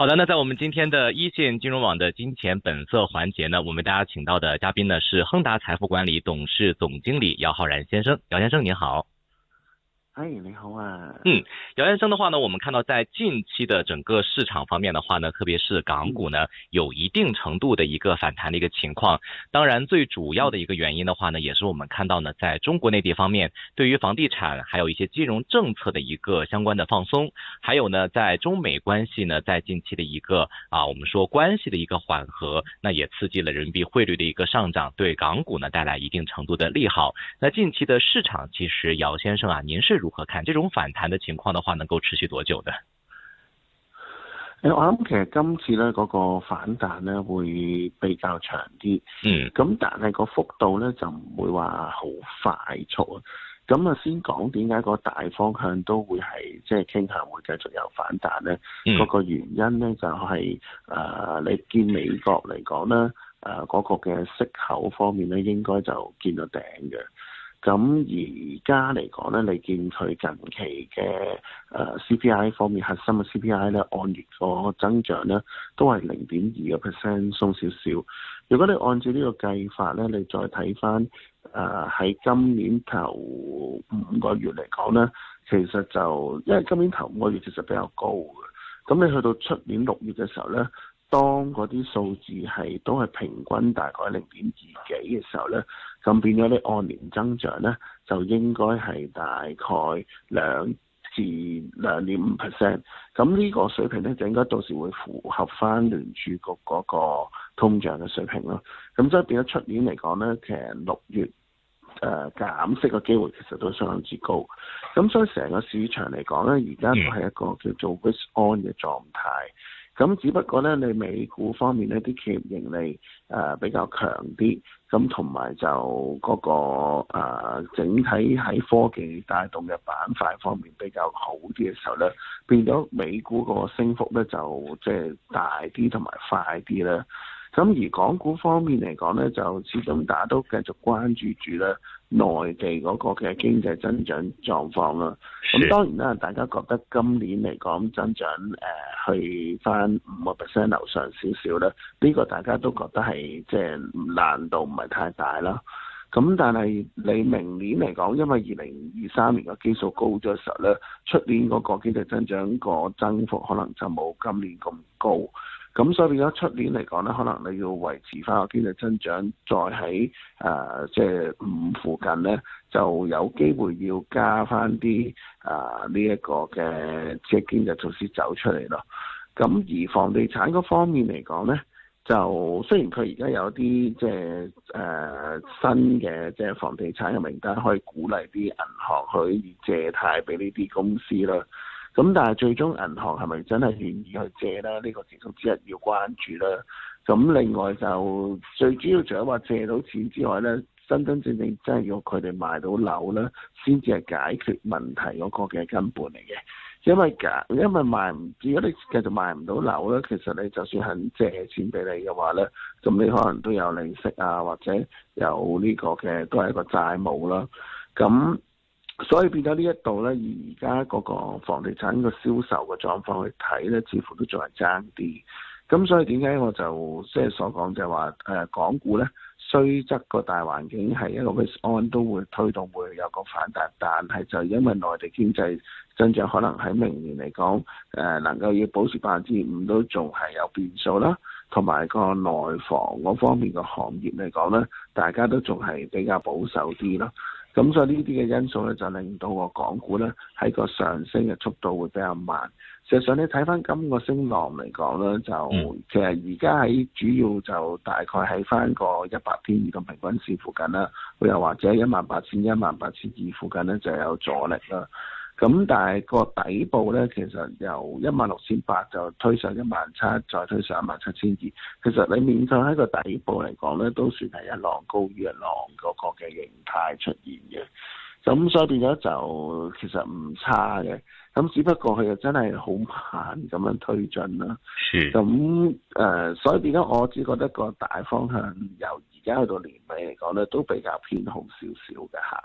好的，那在我們今天的一線金融網的金錢本色環節呢，我們大家請到的嘉賓呢，是亨達財富管理董事總經理姚浩然先生，姚先生您好。你好啊。嗯，姚先生的話呢，我們看到在近期的整個市場方面的話呢，特別是港股呢，有一定程度的一個反彈的一個情況。當然，最主要的一個原因的話呢，也是我們看到呢，在中國內地方面，對於房地產還有一些金融政策的一個相關的放鬆，還有呢，在中美關係呢，在近期的一個啊，我們說關係的一個緩和，那也刺激了人民幣匯率的一個上漲，對港股呢帶來一定程度的利好。那近期的市場，其實姚先生啊，您是如何如何看這種反彈的情況的話，能夠持續多久的？誒，我諗其實今次咧個反彈咧會比較長啲，嗯，咁但係個幅度咧就唔會話好快速啊。咁啊，先講點解個大方向都會係即係傾向會繼續有反彈咧？嗯嗰個原因咧就係、是、誒、呃，你見美國嚟講咧誒嗰個嘅息口方面咧，應該就見到頂嘅。咁而家嚟講咧，你見佢近期嘅誒 CPI 方面，核心嘅 CPI 咧，按月個增長咧都係零點二個 percent 鬆少少。如果你按照呢個計法咧，你再睇翻誒喺今年頭五個月嚟講咧，其實就因為今年頭五個月其實比較高嘅，咁你去到出年六月嘅時候咧，當嗰啲數字係都係平均大概零點二幾嘅時候咧。咁變咗，你按年增長咧，就應該係大概兩至兩點五 percent。咁呢個水平咧，就應該到時會符合翻聯儲局嗰個通脹嘅水平咯。咁所以變咗出年嚟講咧，其實六月誒、呃、減息嘅機會其實都相當之高。咁所以成個市場嚟講咧，而家都係一個叫做 wait on 嘅狀態。咁只不過咧，你美股方面呢啲企業盈利誒、呃、比較強啲，咁同埋就嗰、那個、呃、整體喺科技帶動嘅板塊方面比較好啲嘅時候咧，變咗美股個升幅咧就即係大啲同埋快啲啦。咁而港股方面嚟講咧，就始終大家都繼續關注住啦。內地嗰個嘅經濟增長狀況啦，咁當然啦，大家覺得今年嚟講增長誒、呃、去翻五個 percent 樓上少少啦，呢、呢個大家都覺得係即係難度唔係太大啦。咁但係你明年嚟講，因為二零二三年個基數高咗時候咧，出年嗰個經濟增長個增幅可能就冇今年咁高。咁所以而家出年嚟講咧，可能你要維持翻個經濟增長，再喺誒即係五附近咧，就有機會要加翻啲誒呢一個嘅即係經濟措施走出嚟咯。咁而房地產嗰方面嚟講咧，就雖然佢而家有啲即係誒新嘅即係房地產嘅名單，可以鼓勵啲銀行去借貸俾呢啲公司啦。咁但係最終銀行係咪真係願意去借啦？呢個因素之一要關注啦。咁另外就最主要除咗話借到錢之外呢，真真正正，正真係要佢哋賣到樓咧，先至係解決問題嗰個嘅根本嚟嘅。因為假因為賣唔如果你繼續賣唔到樓呢，其實你就算肯借錢畀你嘅話呢，咁你可能都有利息啊，或者有呢個嘅都係一個債務啦。咁所以變咗呢一度咧，而家嗰個房地產個銷售個狀況去睇咧，似乎都仲係爭啲。咁所以點解我就即係所講就係話，誒、呃、港股咧，雖則個大環境係一個 best case，都會推動會有一個反彈，但係就因為內地經濟增長可能喺明年嚟講，誒、呃、能夠要保持百分之五都仲係有變數啦。同埋個內房嗰方面個行業嚟講咧，大家都仲係比較保守啲咯。咁所以呢啲嘅因素咧，就令到個港股咧喺個上升嘅速度會比較慢。事實上，你睇翻今個升浪嚟講咧，就其實而家喺主要就大概喺翻個一百天移動平均線附近啦，又或者一萬八千、一萬八千二附近咧，就有阻力啦。咁、嗯、但係個底部咧，其實由一萬六千八就推上一萬七，再推上一萬七千二。其實你面對喺個底部嚟講咧，都算係一浪高於一浪嗰個嘅形態出現嘅。咁所以變咗就其實唔差嘅。咁只不過佢又真係好慢咁樣推進啦。咁、嗯、所以變咗我只覺得個大方向由而家去到年尾嚟講咧，都比較偏紅少少嘅嚇。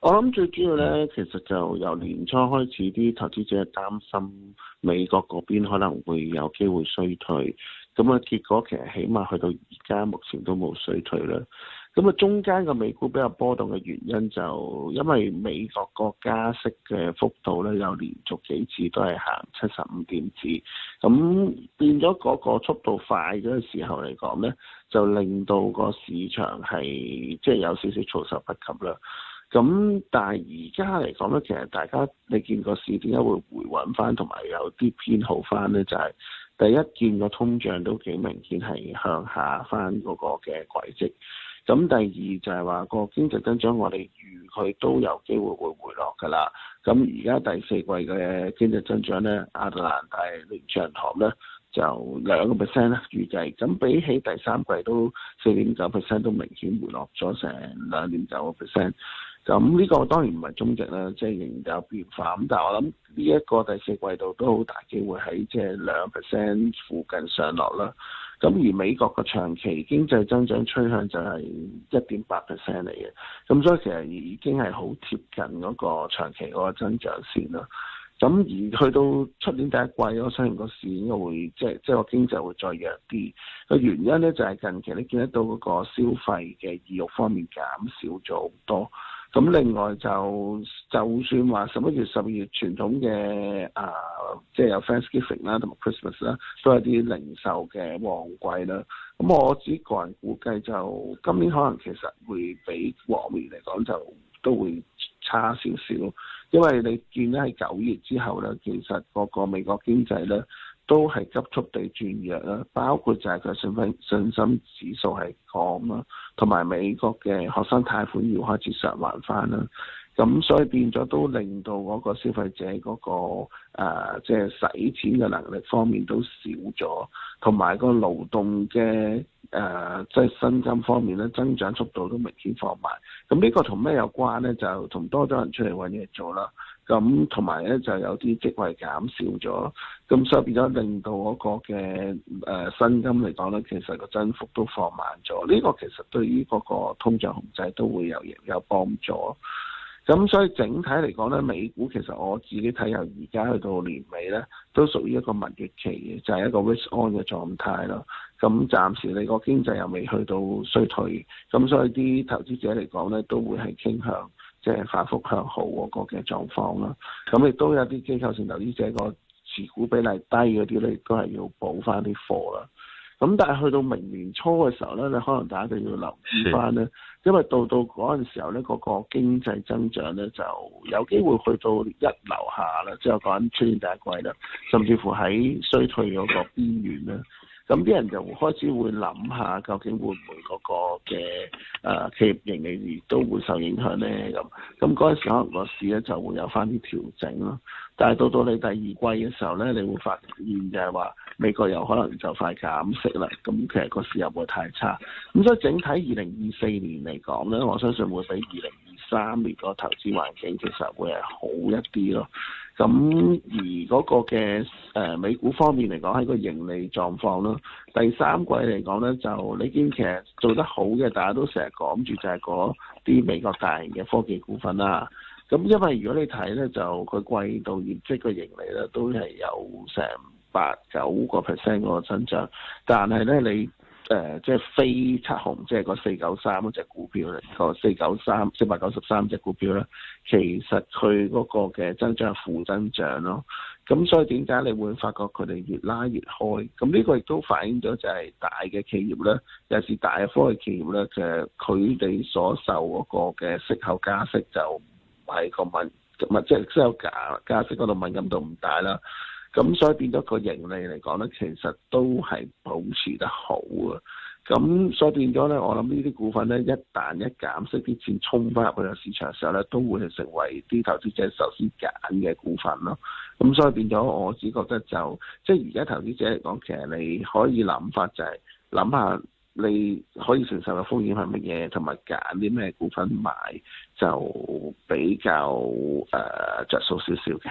我諗最主要咧，其實就由年初開始，啲投資者係擔心美國嗰邊可能會有機會衰退，咁啊結果其實起碼去到而家目前都冇衰退啦。咁啊中間個美股比較波動嘅原因，就因為美國個加息嘅幅度咧，有連續幾次都係行七十五點子，咁變咗嗰個速度快嗰個時候嚟講咧，就令到個市場係即係有少少措手不及啦。咁但係而家嚟講咧，其實大家你見個市點解會回穩翻，同埋有啲偏好翻呢？就係第一，見個通脹都幾明顯係向下翻嗰個嘅軌跡。咁第二就係話個經濟增長，我哋預佢都有機會會回落㗎啦。咁而家第四季嘅經濟增長呢，亞特蘭大聯儲銀行呢，就兩個 percent 啦預計。咁比起第三季都四點九 percent 都明顯回落咗成兩點九個 percent。咁呢個當然唔係中值啦，即係仍然有變化。咁但係我諗呢一個第四季度都好大機會喺即係兩 percent 附近上落啦。咁而美國個長期經濟增長趨向就係一點八 percent 嚟嘅。咁所以其實已經係好貼近嗰個長期嗰個增長線啦。咁而去到出年第一季，我相信個市應該會即係即係個經濟會再弱啲。個原因咧就係、是、近期你見得到嗰個消費嘅意欲方面減少咗好多。咁另外，就就算話十一月、十二月傳統嘅啊，即係有 Thanksgiving 啦，同埋 Christmas 啦，都係啲零售嘅旺季啦。咁我自己個人估計就今年可能其實會比往年嚟講就都會差少少，因為你見到係九月之後咧，其實個個美國經濟咧，都係急速地轉弱啦，包括就係佢信分信心指數係降啦，同埋美國嘅學生貸款要開始償還翻啦，咁所以變咗都令到嗰個消費者嗰個誒即係使錢嘅能力方面都少咗，同埋個勞動嘅誒即係薪金方面咧增長速度都明顯放慢，咁呢個同咩有關咧？就同多咗人出嚟揾嘢做啦。咁同埋咧，就有啲職位減少咗，咁所以變咗令到嗰個嘅誒薪金嚟講咧，其實個增幅都放慢咗。呢個其實對於嗰個通脹控制都會有有幫助。咁所以整體嚟講咧，美股其實我自己睇由而家去到年尾咧，都屬於一個蜜月期嘅，就係一個 risk on 嘅狀態啦。咁暫時你個經濟又未去到衰退，咁所以啲投資者嚟講咧，都會係傾向。即係反覆向好嗰個嘅狀況啦，咁亦都有啲機構性投資者個持股比例低嗰啲咧，都係要補翻啲貨啦。咁但係去到明年初嘅時候咧，你可能大家就要留意翻啦，因為到到嗰陣時候咧，嗰個經濟增長咧就有機會去到一樓下啦，即係講出現第一季啦，甚至乎喺衰退嗰個邊緣咧。咁啲人就會開始會諗下，究竟會唔會嗰個嘅誒、呃、企業盈利亦都會受影響呢？咁咁嗰陣時可能個市咧就會有翻啲調整咯。但係到到你第二季嘅時候呢，你會發現就係話美國有可能就快減息啦。咁其實個市又唔會太差。咁所以整體二零二四年嚟講呢，我相信會比二零二三年個投資環境其實會係好一啲咯。咁而嗰個嘅誒、呃、美股方面嚟講，係個盈利狀況咯。第三季嚟講咧，就你見其實做得好嘅，大家都成日講住就係嗰啲美國大型嘅科技股份啦、啊。咁因為如果你睇咧，就佢季度業績嘅盈利咧，都係有成八九個 percent 嗰個增長，但係咧你。誒、呃，即、就、係、是、非七紅，即係個四九三嗰隻股票嚟，個四九三四百九十三隻股票咧，其實佢嗰個嘅增長係負增長咯。咁所以點解你會發覺佢哋越拉越開？咁呢個亦都反映咗就係大嘅企業咧，尤其是大嘅科技企業咧，就係佢哋所受嗰個嘅息口加息就唔係個問物，即、就、係、是、息口加加息嗰度敏感度唔大啦。咁所以變咗個盈利嚟講咧，其實都係保持得好啊！咁所以變咗咧，我諗呢啲股份咧，一旦一減息啲錢沖返入去個市場嘅時候咧，都會係成為啲投資者首先揀嘅股份咯。咁所以變咗，我只覺得就即係而家投資者嚟講，其實你可以諗法就係、是、諗下你可以承受嘅風險係乜嘢，同埋揀啲咩股份買就比較誒、呃、著數少少嘅。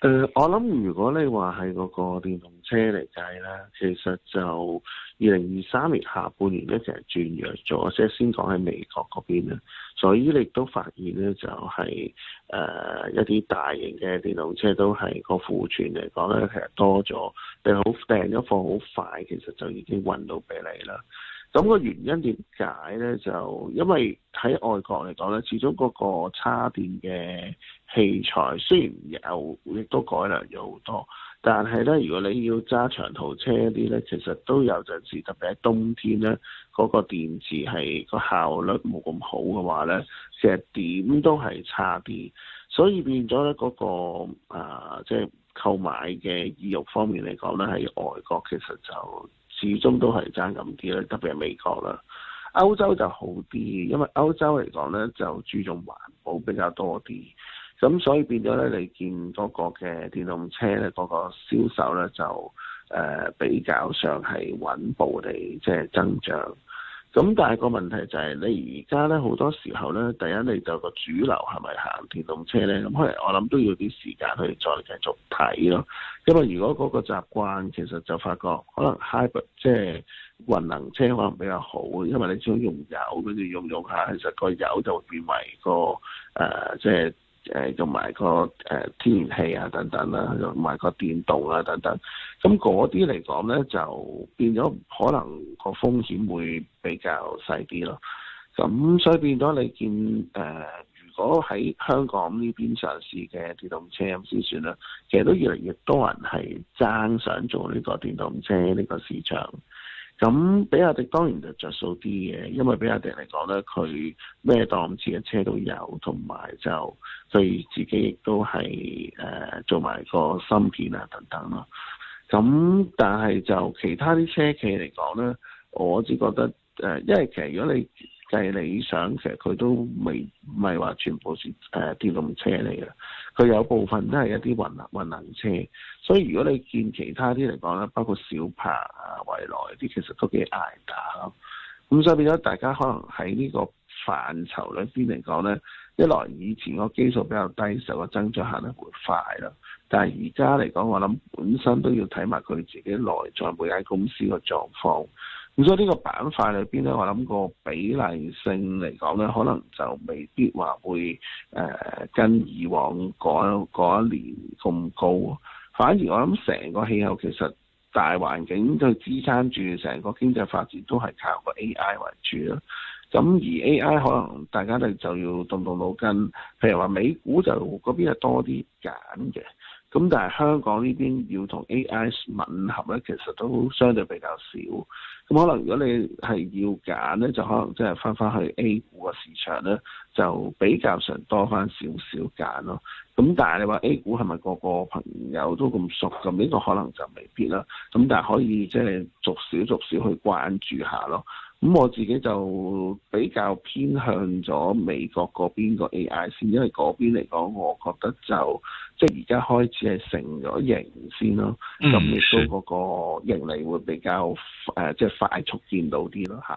誒、呃，我諗如果你話係嗰個電動車嚟計咧，其實就二零二三年下半年咧，其實轉弱咗，即係先講喺美國嗰邊啦。所以你亦都發現咧，就係、是、誒、呃、一啲大型嘅電動車都係、嗰個庫存嚟講咧，其實多咗，又好訂咗貨好快，其實就已經運到俾你啦。咁、嗰個原因點解咧？就因為喺外國嚟講咧，始終嗰個叉電嘅。器材雖然有，亦都改良咗好多，但係咧，如果你要揸長途車啲咧，其實都有陣時，特別喺冬天咧，嗰、嗰個電池係、個效率冇咁好嘅話咧，成日點都係差啲，所以變咗咧嗰個啊，即、呃、係、即係、購買嘅意欲方面嚟講咧，喺外國其實就始終都係爭咁啲啦，特別係美國啦，歐洲就好啲，因為歐洲嚟講咧就注重環保比較多啲。咁所以變咗咧，你見嗰個嘅電動車咧，嗰、那個銷售咧就誒、呃、比較上係穩步地即係增長。咁但係個問題就係、是，你而家咧好多時候咧，第一你就有個主流係咪行電動車咧？咁可能我諗都要啲時間去再繼續睇咯。因為如果嗰個習慣，其實就發覺可能 hybrid 即係混能車可能比較好，因為你只要用油跟住用用下，其實個油就會變為、那個誒、呃、即係。誒，同埋個誒天然氣啊，等等啦，同埋個電動啊，等等，咁嗰啲嚟講咧，就變咗可能個風險會比較細啲咯。咁所以變咗你見誒、呃，如果喺香港呢邊嘗試嘅電動車咁先算啦，其實都越嚟越多人係爭想做呢個電動車呢個市場。咁比亞迪當然就着數啲嘅，因為比亞迪嚟講咧，佢咩檔次嘅車都有，同埋就佢自己亦都係誒做埋個芯片啊等等咯。咁但係就其他啲車企嚟講咧，我只覺得誒、呃，因為其實如果你計理想，其實佢都未唔係話全部是誒、呃、電動車嚟嘅。佢有部分都係一啲混能混能車，所以如果你見其他啲嚟講咧，包括小鵬啊、蔚來啲，其實都幾捱打。咁所以變咗大家可能喺呢個範疇裏邊嚟講咧，一來以前個基數比較低，所以個增長行得快啦。但係而家嚟講，我諗本身都要睇埋佢自己內在每間公司個狀況。咁所以呢個板塊裏邊咧，我諗個比例性嚟講咧，可能就未必話會誒、呃、跟以往嗰一年咁高。反而我諗成個氣候其實大環境去支撐住成個經濟發展都係靠個 AI 為主咯。咁而 AI 可能大家咧就要動動腦筋，譬如話美股就嗰邊係多啲揀嘅。咁但係香港呢邊要同 AI 吻合咧，其實都相對比較少。咁可能如果你係要揀咧，就可能即係翻返去 A 股嘅市場咧，就比較上多翻少少揀咯。咁但係你話 A 股係咪個個朋友都咁熟咁？呢個可能就未必啦。咁但係可以即係逐少逐少去關注下咯。咁、嗯、我自己就比較偏向咗美國嗰邊個 AI 先，因為嗰邊嚟講，我覺得就即係而家開始係成咗型先咯，咁亦都嗰個盈利會比較快、呃、即係快速見到啲咯吓。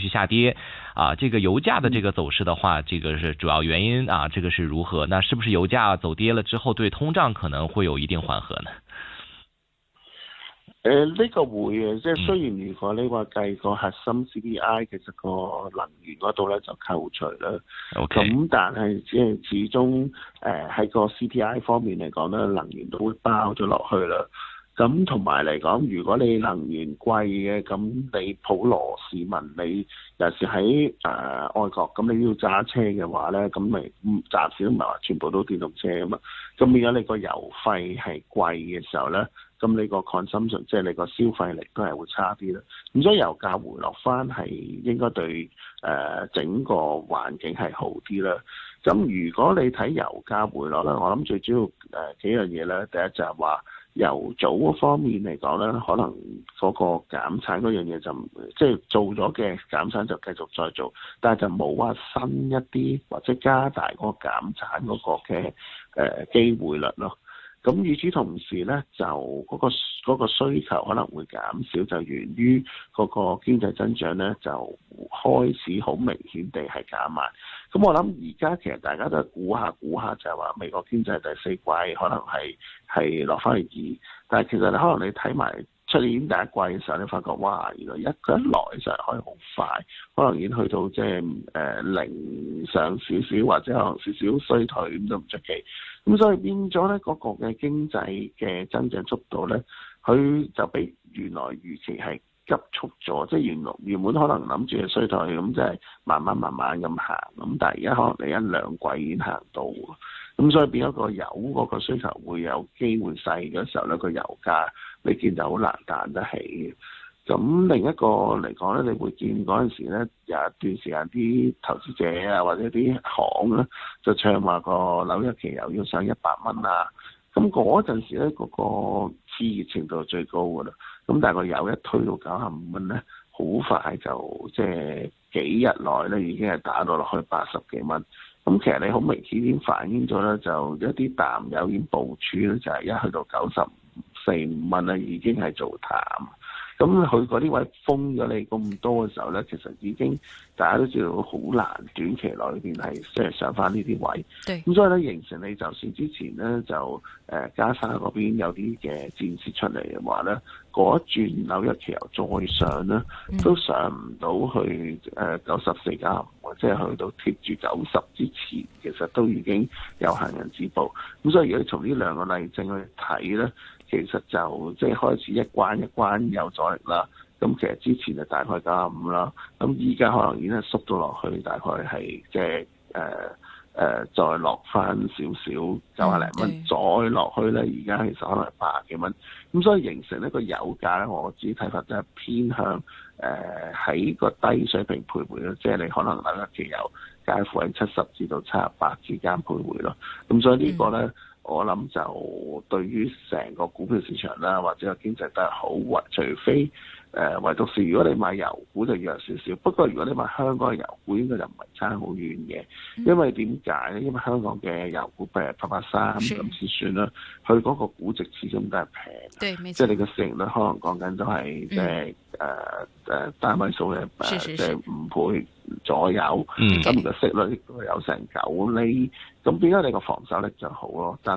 去下跌啊，這個油價的這個走勢的話，這個是主要原因啊，這個是如何？那是不是油價走跌了之後，對通脹可能會有一定緩和呢？誒、呃，呢、這個會嘅，即係雖然如果你話計個核心 CPI、嗯、其實個能源嗰度咧就扣除啦。O K，咁但係即係始終誒喺、呃、個 CPI 方面嚟講咧，能源都會包咗落去啦。咁同埋嚟講，如果你能源貴嘅，咁你普羅市民，你尤其是喺、呃、外國，咁你要揸車嘅話咧，咁咪唔暫時都唔係話全部都電動車咁啊。咁變咗你個油費係貴嘅時候咧，咁你個 consumption，即係你個消費力都係會差啲啦。咁所以油價回落翻係應該對、呃、整個環境係好啲啦。咁如果你睇油價回落呢、嗯，我諗最主要、呃、幾樣嘢咧，第一就係話。由早方面嚟講咧，可能嗰個減產嗰樣嘢就，即係做咗嘅減產就繼續再做，但係就冇話新一啲或者加大嗰個減產嗰個嘅誒機會率咯。咁與此同時咧，就嗰個嗰個需求可能會減少，就源於嗰個經濟增長咧就開始好明顯地係減慢。咁我諗而家其實大家都係估下估下，就係話美國經濟第四季可能係係落翻去二，但係其實你可能你睇埋。出年第一季嘅時候，你發覺哇，原來一一來就係可以好快，可能已經去到即係誒零上少少，或者可能少少衰退咁都唔出奇。咁所以變咗咧，各國嘅經濟嘅增長速度咧，佢就比原來預期係急速咗，即係原來原本可能諗住衰退咁，即係慢慢慢慢咁行，咁但係而家可能你一兩季已經行到。咁所以變咗個油嗰個需求會有機會細嘅時候咧，個油價你見就好難彈得起嘅。咁另一個嚟講咧，你會見嗰陣時咧，有一段時間啲投資者啊或者啲行咧就唱話個紐約期又要上一百蚊啊。咁嗰陣時咧，嗰個熾熱程度最高噶啦。咁但係個油一推到九十五蚊咧，好快就即係幾日內咧已經係打到落去八十幾蚊。咁、嗯、其實你好明顯已經反映咗啦，就一啲淡友已經部署，就係一去到九十四五蚊啦，已經係做淡。咁佢嗰啲位封咗你咁多嘅時候咧，其實已經大家都知道好難短期內面係即係上翻呢啲位。咁所以咧，形成你就算之前咧，就誒、呃、加沙嗰邊有啲嘅戰事出嚟嘅話咧，嗰一轉紐約期油又再上咧、嗯，都上唔到去誒九十四家或者去到貼住九十之前，其實都已經有行人止步。咁所以如果你從呢兩個例證去睇咧。其實就即係開始一關一關有阻力啦。咁其實之前就大概九十五啦。咁依家可能已經係縮到落去，大概係即係誒誒再落翻少少九十零蚊，再落、嗯嗯、去咧，而家其實可能八十幾蚊。咁所以形成一個油價咧，我自己睇法就係偏向誒喺、呃、個低水平徘徊咯，即、就、係、是、你可能大家見油介乎喺七十至到七十八之間徘徊咯。咁所以這個呢個咧。嗯我諗，就對於成個股票市場啦，或者個經濟都係好滑，除非。誒、呃，唯獨是如果你買油股就弱少少、嗯，不過如果你買香港嘅油股，應該就唔係差好遠嘅、嗯，因為點解咧？因為香港嘅油股譬如八八三咁就算啦，佢嗰個估值始終都係平，即係你嘅市盈率可能講緊都係即係誒誒單位數嘅誒即係五倍左右，咁、嗯、嘅、嗯、息率有成九釐，咁變咗你個防守力就好咯，但